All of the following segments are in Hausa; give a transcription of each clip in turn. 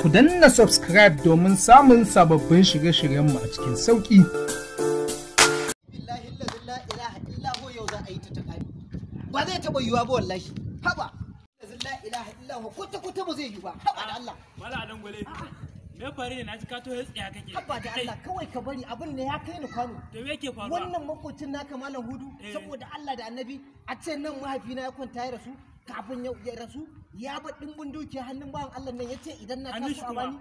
ku danna subscribe domin samun sababbin shirye-shiryenmu a cikin sauƙi. Ba a ka bari abin ne ni kwano wannan makocin naka malam hudu eh. saboda Allah da annabi a ce nan mahaifina ya kwanta ya rasu kafin ya rasu ya ba dimbin dukiya hannun bawan Allah nan yace idan na kasu a bani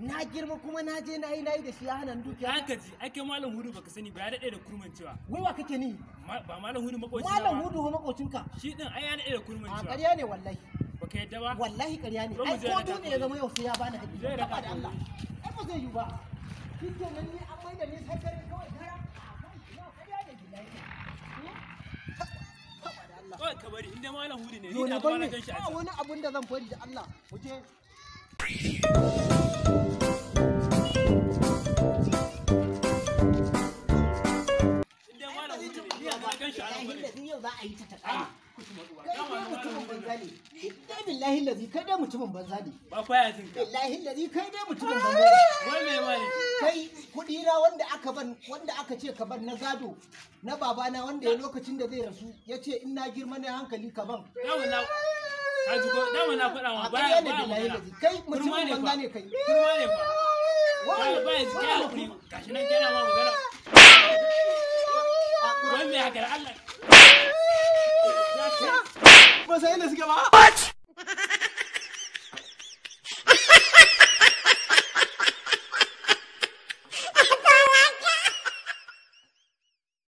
na girma kuma na je na yi na yi da shi ya hannun dukiya haka ji ai kai malam hudu baka sani ba ya dade da kurman cewa wai wa kake ni ba malam hudu makocin malam hudu ho makocin ka shi din ai ya dade da kurman cewa a ƙarya ne wallahi baka yadda ba wallahi ƙarya ne ai ko dole ya zama yau sai ya bani hakki ba da Allah ai ba zai yi ba kike nan ni an mai da ni sai kawai tara kawai ka bari inda malam hudu ne ni ba na ganshi a wani abun da zan fari da Allah wuce. inda malam hudu ne ni da ba ganshi a nan yau za a yi ta ta kai ah, mutumin banza ne dai billahi lazi kai dai mutumin banza ne ba kwaya billahi lazi kai dai mutumin banza ne wai mai kai kuɗi na wanda aka ban wanda aka ce ka ban na gado na babana wanda ya lokacin da zai rasu ya ce ina girma na hankali ka ban da kai ne kai ba